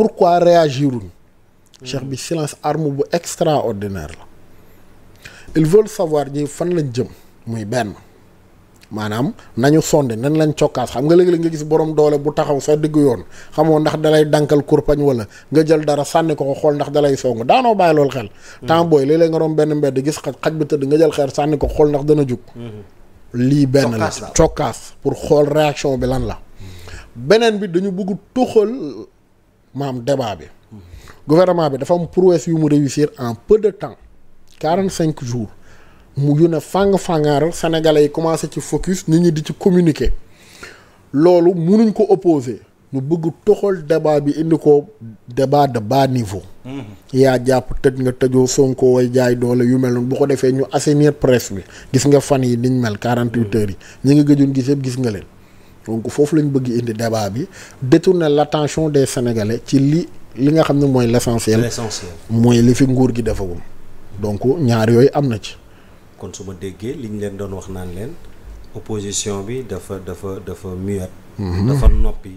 pourquoi réagiruñ cheikh bi silence arme bu extraordinaire la il veulent savoir ñi fan lañ jëm muy benn maanaam nañu sonde nan lañ cokkaas xam nga léegi lañ nga gis borom doole bu taxaw sa diggu yoon xamoo ndax dalay dankal kurpañ wala nga jël dara sànni ko xool ndax dalay song daanoo bàyyi loolu xel hmm. temps booy léeg-léeg nga doon benn mbedd gis xaj xaj bi tëdd nga jël xeer sànni ko xool ndax dana jug hmm. lii benn la cokkaas pour xool réaction bi lan la hmm. maam débat bi gouvernement bi dafa am prouesse yu mu réussir en peu de temps quarante cinq jours mu yu ne fàng-fàngaaral sénégalais yi commencé ci focus nit ñi di ci communiquer loolu munuñ ko opposer ñu bëgg toxal débat bi indi ko débat de bas niveau mm-hmm. yaa jàpp tëj nga tëjoo Sonko way jaay doole yu mel noonu bu ko defee ñu assainir presse bi gis nga fan yi niñ mel quarante huit heures yi ñu ngi gëjoon gis gis nga leen donc foofu la ñu bëgg indi débat bi detu l' attention des sénégalais ci li li nga xam ne mooy l' essentiel. l' essentiel mooy li fi nguur gi defagul donc ñaar yooyu am na ci. kon su ma déggee li ñu leen doon wax naan leen opposition bi dafa dafa dafa muet. Mhm. dafa noppi.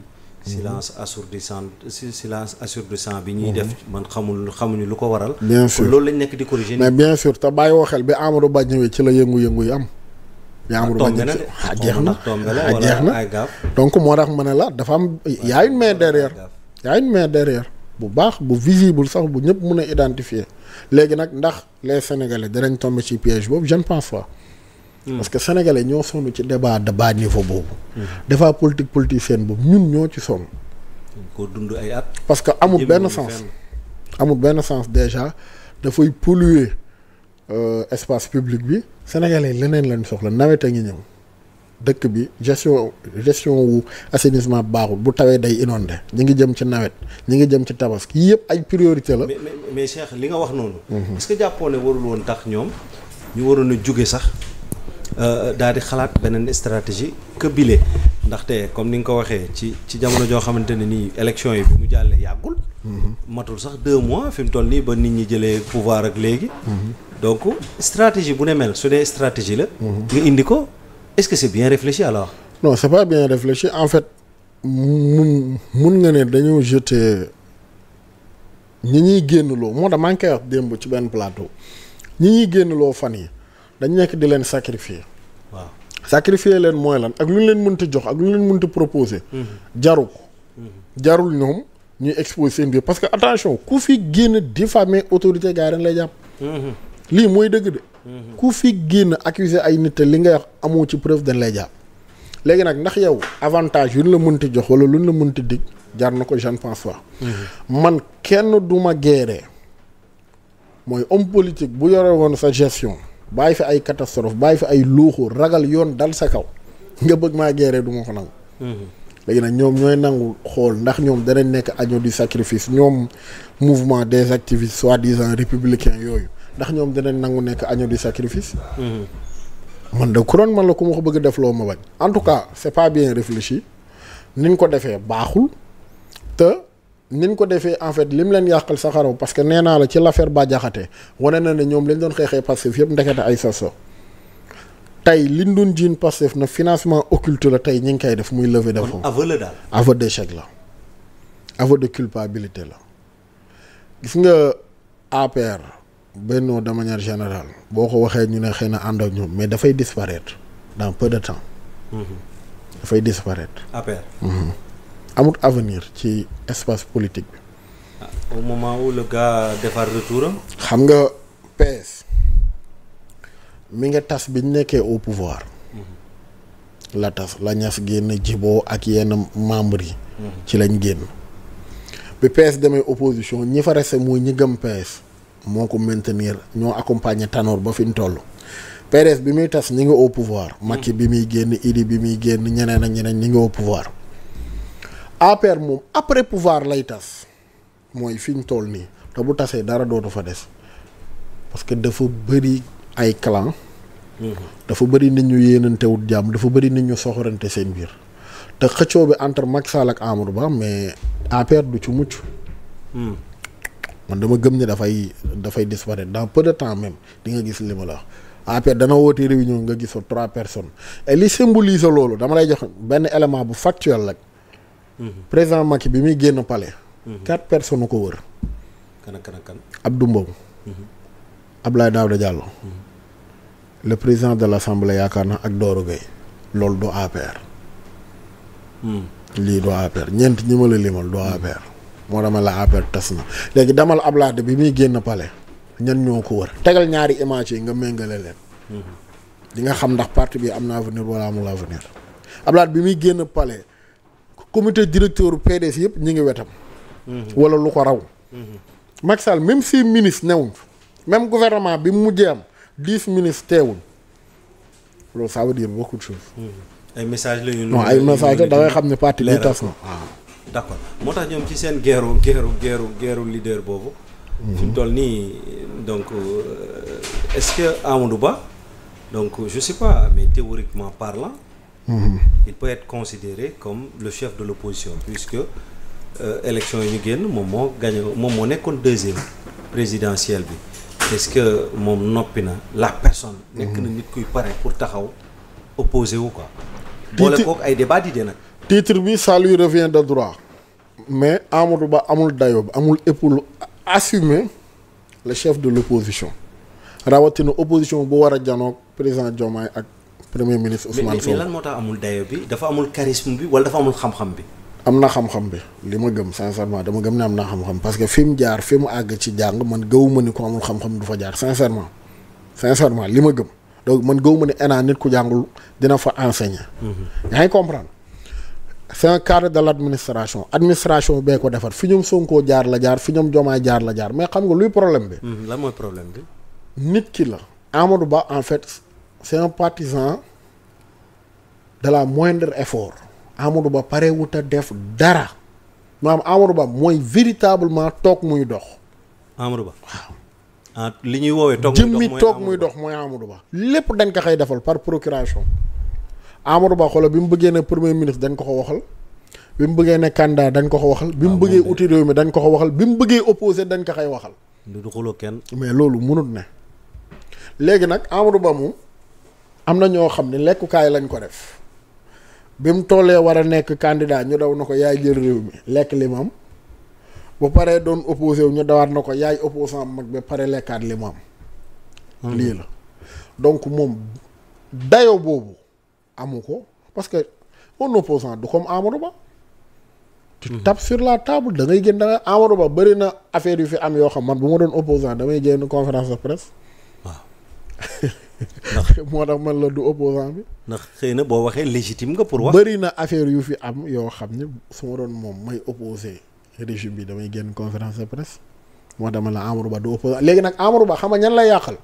silence assourdissant silence assourdissant bi ñuy def mhm. man xamul xamuñu lu ko waral. bien sûr loolu lañ nekk di corriger. mais bien sûr te bàyyi woo xel bi Amadou Ba ñëwee ci la yëngu-yëngu yi am. Amadou Ba jeex na ah jeex na ah, donc moo tax ma ne la dafa am y mais une main derrière y a une main derrière bu baax bu visible sax bu ñëpp mën a identifier léegi nag ndax les sénégalais dinañ tomber ci piège boobu je ne pense pas. Hmm. parce que sénégalais ñoo sonn ci débat de bas niveau boobu. Hmm. débat politique politicienne boobu ñun ñoo ci sonn. ko dund ay at. parce que amul benn sens amul benn sens déjà dafay polluer. Euh, espace public bi sénégalais leneen lañ soxla nawet a ngi ñëw dëkk bi gestion gestion wu assainissement baaxul bu tawee day inondé ñu ngi jëm ci nawet ñi ngi jëm ci tabaski yëpp ay priorité la. mais mais Cheikh li nga wax noonu. Mhm. est-ce jàppoo ne warul woon tax ñoom ñu waroon a jóge sax. Euh, daal di xalaat beneen stratégie que ndaxte comme ni nga ko waxee ci ci jamono joo xamante ne nii élection yi bi mu jàllee yàggul. Mm-hmm. matul sax deux mois fi mu toll nii ba nit ñi jëlee pouvoir ak léegi. Mm-hmm. donc stratégie bu ne mel su dee stratégie la. Mm-hmm. nga indi ko est-ce que c'est bien réfléchi alors. non c'est pas bien réfléchi en fait mun mun nga ne dañoo jeter ñi ñuy génn loo moo tax maa ngi koy wax démb ci benn plateau ñi ñuy génn loo fan yi dañ nekk di leen sacrifier. waaw sacrifier leen mooy lan ak lu ñu leen mënti jox ak lu ñu leen mënti proposer. Mhm. jaru ko mhm. jarul ñoom ñuy exposer seen biir parce que attention ku fi génn diffamer autorité gars yi lay jàpp. Mhm. lii mooy dëgg de. ku fi génn accuser ay nit li nga yax amoo ci preuve dañ lay jàpp. léegi nag ndax yow avantage yu ñu la mënti jox wala lu ñu la mënti digg jar na ko je ne pense pas. man kenn du ma géeree mooy homme politique bu yore woon sa gestion. bàyyi fi ay catastrophe bàyyi fi ay luuxu ragal yoon dal sa kaw nga bëgg maa gérer du ma ko nangu. Mhm. léegi nag ñoom ñooy nangu xool ndax ñoom danañ nekk agneau du sacrifice ñoom mouvement des activistes soi-disant républicains yooyu ndax ñoom danañ nangu nekk agneau du sacrifice. Mhm. man de couronne man la ku ma ko bëgg def loo ma bañ. en tout cas c'est pas bien réfléchi niñ ko defee baaxul te. niñ ko defee en fait lim leen yàqal sa xaraw parce que nee naa la ci l'affaire Bah Diakhaté wane na ne ñoom lañ doon xeexee Pastef yëpp ndekete ay sas tey li liñ doon jiin Pastef na financement occulte la tey ñi ngi koy def muy levée de fonds aveu la daal aveu d'échec la aveu de culpabilité la gis nga APR Benno de manière générale boo ko waxee ñu ne xëy na ànd ak ñoom mais dafay disparaître dans peu de temps mhm. dafay disparaître APR mhm. amut avenir ci espace politique bi. Ah, moment où le gars defar xam nga PS mi nga tas biñ nekkee au pouvoir. Mhm. la tas la ñas génn jiboo ak yenn membres yi. Mhm. ci lañ génn. bi pees demee opposition ñi fa reste mooy ñi gëm PS moo ko maintenir ñoo accompagner tanoor ba fi ñu toll. PDS bi muy tas ñi ngi au pouvoir. Macky mhm. bi muy génn Idi bi muy génn ñeneen ak ñeneen ñi ngi au pouvoir. APR moom après pouvoir lay tas mooy fi ñu toll nii te bu tasee dara dootu fa des parce que dafa bëri ay clan dafa bëri nit ñu yéenantewut jàmm dafa bëri nit ñu soxorante seen biir te xëccoo bi entre Macky Sall ak Amadou Ba mais APR du ci mucc. Hmm. man dama gëm ne dafay dafay disparaître dans peu de temps même di nga gis li ma la wax. APR dana woote réunion nga gis fa trois personnes et li symbolise loolu dama lay jox benn élément bu factuel rek. Mhm. président Macky bi muy génn pale mhm. quatre personnes ko wër. kan ak ab ak kan. Abdou Mbow. Mhm. Abdoulaye Daouda le président de l' assemblée yaakaar na ak Doro Gueye loolu du APR. lii du APR ñeent ñi ma la limal du APR. moo dama la APR tas na léegi damal Abdoulaye bi muy génn pale ñan ñoo ko wër tegal ñaari image yi nga méngale leen. di nga xam ndax parti bi am na avenir wala amul avenir Abdoulaye bi muy génn palais. comité directeur PDS yëpp ñu ngi wetam. Mhm. wala lu ko raw. Mhm. Macky Sall même si ministre newuñ même gouvernement bi mu mujjee am dix ministres teewul loolu ça veut dire beaucoup de choses. Mhm. ay messages la ñu. ay messages da xam ne parti bi tas na. Ah, d' accord moo tax ñoom ci seen geeru geeru geeru geeru leader boobu. fi toll nii donc euh, est ce que Amadou Ba donc je sais pas mais théoriquement parlant. Mmh. il peut être considéré comme le chef de l'opposition puisque euh, élection yi ñu génn moom moo gagné moom moo nekkoon deuxième présidentielle bi est-ce que moom noppi na la personne mm-hmm. nekk na nit kuy pare pour taxaw opposé wu quoi boole kook ay débat d'idées nag titre bi ça lui revient de droit mais Amadou Ba amul dayoo amul épaule assumer le chef de l'opposition rawatina opposition bu war a janoog président Diomaye ak premier ministre Ousmane Sonko amul dayo bi dafa amul charisme bi wala dafa amul xam-xam bi. am na xam-xam bi li ma gëm sincèrement dama gëm ne am naa xam-xam parce que fi mu jaar fi mu àgg ci jàng man gëw ma ni ko amul xam-xam du fa jaar sincèrement sincèrement li ma gëm man gëw ma ni ENA nit ku jàngul dina fa enseigner. Mhm. yaa ngi comprendre c'est un cadre de l'administration administration bee ko defar fi ñoom Sonko jaar la jaar fi ñoom Diomaye jaar la jaar mais xam nga luy problème bi. Mhm, lan mooy problème bi. nit ki la Amadou Ba en fait. c'est un partisan de la moindre effort Amadou Ba pare wut a def dara maanaam Amadou Ba mooy véritablement toog muy dox. Amadou Ba waaw. Ah, li ñuy woowee toog muy dox toog muy dox mooy Amadou Ba. lépp dañ ko xay defal par procuration Amadou Ba xoolal bi mu bëggee ne premier ministre dañ ko ko waxal bi mu bëggee ne candidat dañ ko ko waxal. bi mu ah, bëggee uti réew mi dañ ko ko waxal bi mu bëggee opposé dañ ko xay waxal. du du xuloo kenn. mais loolu mënut ne. léegi nag Amadou Ba mu am na ñoo xam ne lekkukaay lañ ko def bi mu tollee war a nekk candidat ñu daw na ko yaay jël réew mi lekk li mu am bu paree doon opposé wu ñu dawaat na ko yaay opposant mag ba pare lekkaat li lii la donc moom dayo boobu amu ko parce que un opposant du comme Amadou Ba tu sur la table da ngay génn da nga Amadou Ba bëri na affaire yu fi am yoo xam man bu ma doon opposant damay génn conférence de presse ndax moo tax man la du opposant bi. ndax xëy na boo waxee légitime nga pour wax. bëri na affaire yu fi am yoo xam ne su ma doon moom may opposé régime bi damay génn conférence de presse moo tax man la Amadou Ba du opposant léegi nag Amadou Ba xam nga ñan lay yàqal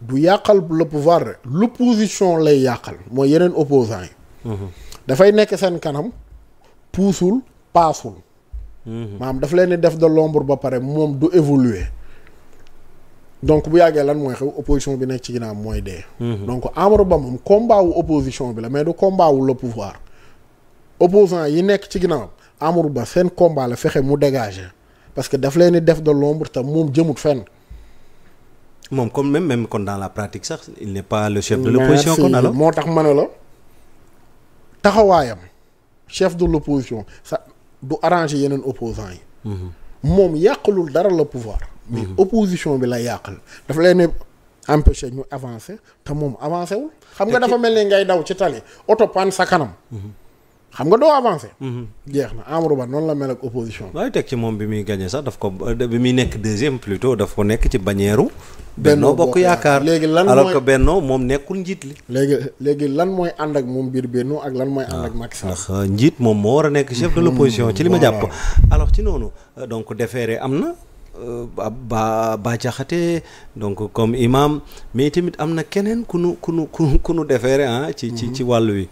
du yàqal le pouvoir rek. l' opposition lay yàqal mooy yeneen opposant yi. Mhm. dafay nekk seen kanam puusul paasul. Mhm. maam daf leen def de l'ombre ba pare moom du évoluer. donc bu yàggee lan mooy xew opposition bi nekk ci ginnaaw mooy dee. Mhm. donc Amadou Ba moom combat wu opposition bi la mais du combat wu le pouvoir. opposant yi nekk ci ginnaaw Amadou Ba seen combat la fexe mu dégager parce que daf leen ni def de l'ombre te moom jëmut fenn. moom comme même même kon dans la pratique sax il n'est pas le chef de l'opposition kon alors moo tax ma ne la taxawaayam chef de l'opposition sax du arranger yeneen opposants yi. Mhm. moom yàqalul dara la pouvoir. mais mhm. opposition bi la yàqal dafa leen empêché ñu avancer te moom avancé wul. xam nga dafa mel ni ngay daw ci tali oto pan sa kanam. Mhm. xam nga doo avancé. Mhm. jeex na Amadou Ba noonu la mel ak opposition bi. waaye teg ci moom bi muy gagné sax daf ko euh, bi muy nekk deuxième plutôt daf ko nekk ci bannière. Benno Bokk Yaakaar léegi lan mooy alors moom nekkul njiit li. léegi léegi lan mooy ànd ak moom biir Benno ak lan mooy ànd ak ah, Macky Sall. ndax euh, njiit moom moo war a nekk chef de l'opposition ci li ma jàpp. ci noonu euh, donc déféré am na. ba ba jaxate donc comme imam mais tamit am na keneen ku nu ku nu ku nu defeere ah ci ci ci wàll wi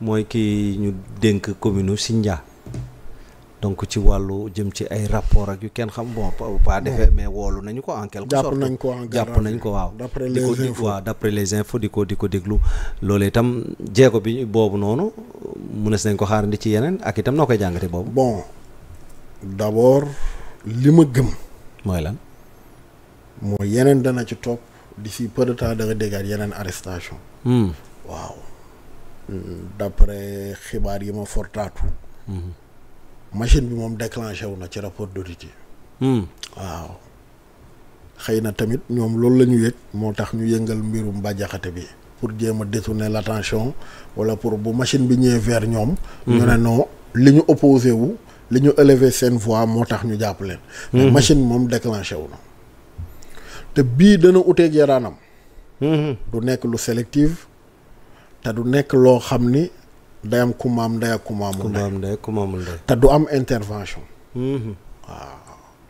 mooy kii ñu dénk commune u Sindia donc ci wàllu jëm ci ay rapport ak yu kenn xam bon pas defee mais woolu nañu ko en quelque sorte jàpp nañ ko waaw di ko di waaw d'après les infos di di ko déglu loolu itam jeego bi boobu noonu mënees nañ ko xaarandi ci yeneen ak itam noo koy jàngate boobu bon d'abord li ma gëm mooy lan. mooy yeneen dana ci topp di peu de temps da nga déggaat yeneen arrestation hmm. waaw hmm, d'après xibaar yi ma fortaatu. Hmm. machine bi moom déclenché wu na ci rapport d'audit yi waaw xëy na tamit ñoom loolu lañu ñu yëg moo tax ñu yëngal mbirum bàjjaxate bi pour jéem a détourner l'attention wala pour bu machine bi ñëwee ver ñoom. ñu ne non li ñu opposé wu. li ñu seen voix moo tax ñu jàpp leen. mais mhm. machine moom déclenché wu na. te bii dana uteeg yaraanam. Mhm. du nekk lu sélective. te du nekk loo xam ni day am ku maam ndey ak ku maamul ndey te du am intervention. Mhm. waaw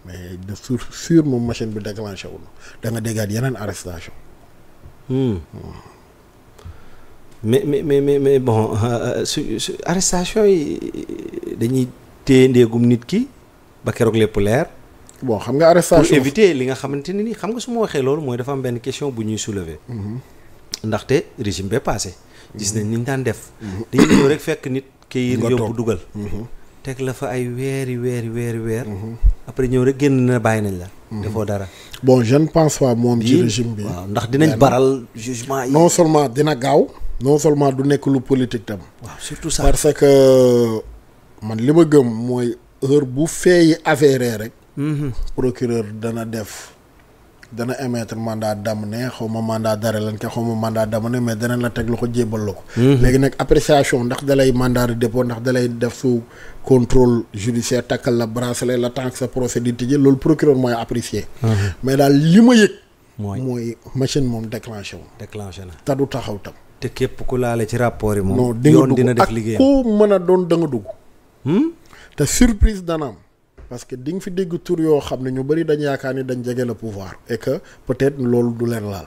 mais de sur sur moom machine bi déclenché wu na da yeneen arrestation. Hmm. mais mais mais bon euh, euh, su arrestation yi dañuy. téye ndéegum nit ki ba keroog lépp leer. bon xam nga arrestation pour éviter li nga xamante ne nii xam nga su ma waxee loolu mooy dafa am benn question bu ñuy soulever. Mhm. ndaxte régime bee passé. gis nañ ni ñu daan def. Mhm. dañuy ñëw rek fekk nit. këyit yóbbu dugal. Mhm. teg la fa ay weeri weeri weeri weer. après ñëw rek génn na bàyyi nañ la. defoo dara. bon jeune ne pense moom ci régime bi. waaw ndax dinañ baral jugement yi. non seulement dina gaaw non seulement du nekk lu politique tam. waaw surtout ça parce que. man li ma gëm mooy heure bu feeyi avéré rek. Mhm. procureur dana def dana émettre mandat d'amener xaw ma mandat d'arrêt lan ke xaw ma mandat d'amener mais dana la teg loxo jébbal la ko. Mhm. léegi nag appréciation ndax dalay mandat de ndax dalay def su contrôle judiciaire takkal la bracelet la tant que sa di tijji loolu procureur mooy apprécier. Mhm. mais daal li ma yëg. mooy machine moom déclenché wu. déclenché na te du taxaw tam. te képp ku laale ci rapport yi moom. yoon dina def liggéeyam non mën a doon danga dugg. Hmm? te surprise dana am parce que di nga fi dégg tour yoo xam ne ñu bëri dañ yaakaar ni dañ jege le pouvoir et que peut-être loolu du leen laal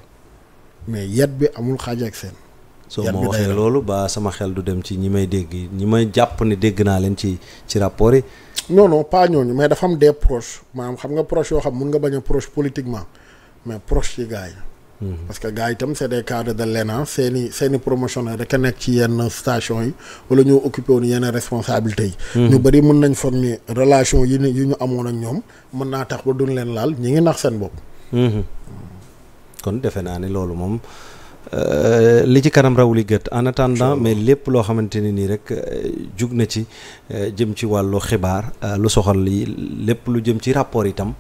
mais yet bi amul xaaj ak seen. soo ma waxee loolu ba sama xel du dem ci ñi may dégg ñi may jàpp ne dégg naa leen ci ci rapport yi. non paa pas ñooñu mais dafam am des proches maanaam xam nga proche yoo xam mun nga bañ a proche politiquement mais proche ci gars yi parce que gars itam c'est des cadres de l'ENA seeni seeni promotionnaire rek nekk ci yenn station yi wala ñoo occupé woon yenn responsabilités yi mhm. ñu bëri mën nañ foog ni relation yi ñu ñu amoon ak ñoom mën naa tax ba duñ leen laal ñi ngi nax seen bopp mhm. kon defe naa ne loolu moom euh, li ci kanam raw li gët en attendant mais lépp loo xamante ne nii rek euh, jug na ci euh, jëm ci wàllu xibaar lu soxal lépp lu jëm ci rapport itam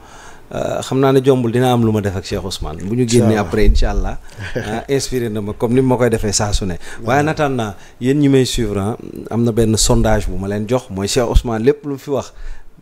Euh, xam naa ne jombul dina am lu ma def ak Cheikh Ousmane bu ñu génnee après incha allah ah, inspiré na ma comme ni ma koy defee saa su ne waaye nataan naa yéen ñi may suivre ah, am na benn sondage bu ma leen jox mooy Cheikh Ousmane lépp lu fi wax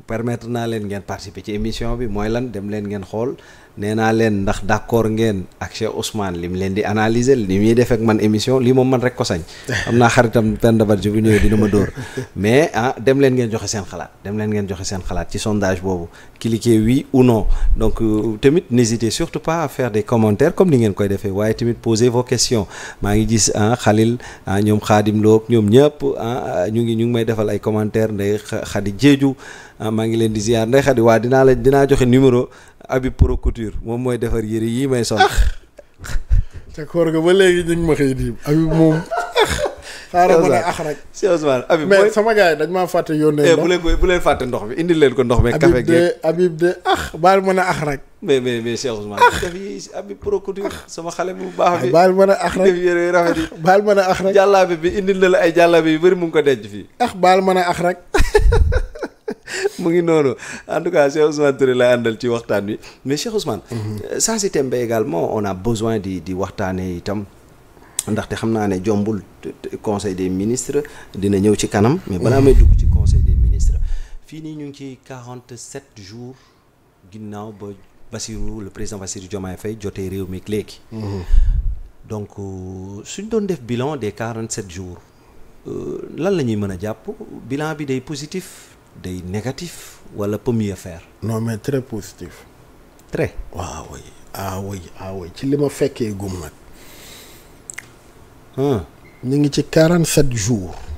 permetre naa leen ngeen participer ci émission bi mooy lan dem leen ngeen xool nee naa leen ndax d'accord ngeen ak Cheikh Ousmane li mu leen di analyser li muy def ak man émission lii moom man rek ko sañ am naa xaritam pendabat ji bu ñëwee dina ma dóor mais ah dem leen ngeen joxe seen xalaat dem leen ngeen joxe seen xalaat ci sondage boobu cliquez oui ou non donc euh, tamit n'hésitez surtout pas à faire des commentaires comme ni ngeen koy defee waaye tamit posez vos questions maa ngi gis xalil ah, Khalil ah ñoom Khadim ñoom ñëpp ah, ñu ngi ñu ngi may defal ay commentaires nday Khady Diédhiou ah, maa ngi leen di ziar nday Khady waa dinaa la dinaa joxe numéro couture moom mooy defar yére yii may sol. Ah. te koor ga ba léegi ñu ngi ma xëy di Habib moom. Ah. xaaral ma ne ax ah rek si Ousmane Habib mais sama gars eh, ndox bu leen leen ko ndox mi. café gi Habib ma ne ax rek. mais mais mais Cheikh Ousmane. ah def sama xale bu baax bi. baal ma ne ax rek def yére yu rafet yi. baal bi indil na la ay jàllaabe yu bëri mu ko denc fii. ax baal ma ne ax rek. mu ngi noonu en tout cas Cheikh Ousmane Touré lay àndal ci waxtaan wi mais Cheikh Ousmane. sans item ba également on a besoin di di waxtaanee itam. ndaxte xam naa ne jombul conseil des ministres dina ñëw ci kanam. mais balaa may dugg ci conseil des ministres. fii nii ñu ngi ci 47 jours ginnaaw ba Bassirou le président Bassirou Diomaye fay jotee réew mi léegi. Mhm. donc euh, suñ doon def bilan des 47 jours. Euh, lan la ñuy mën a jàpp bilan bi day positif. day négatif wala peut mieux faire. non mais très positif. très waaw ah oui ah oui ah oui ci li ma fekkee gum nag. ñu ngi ci quarante sept jours.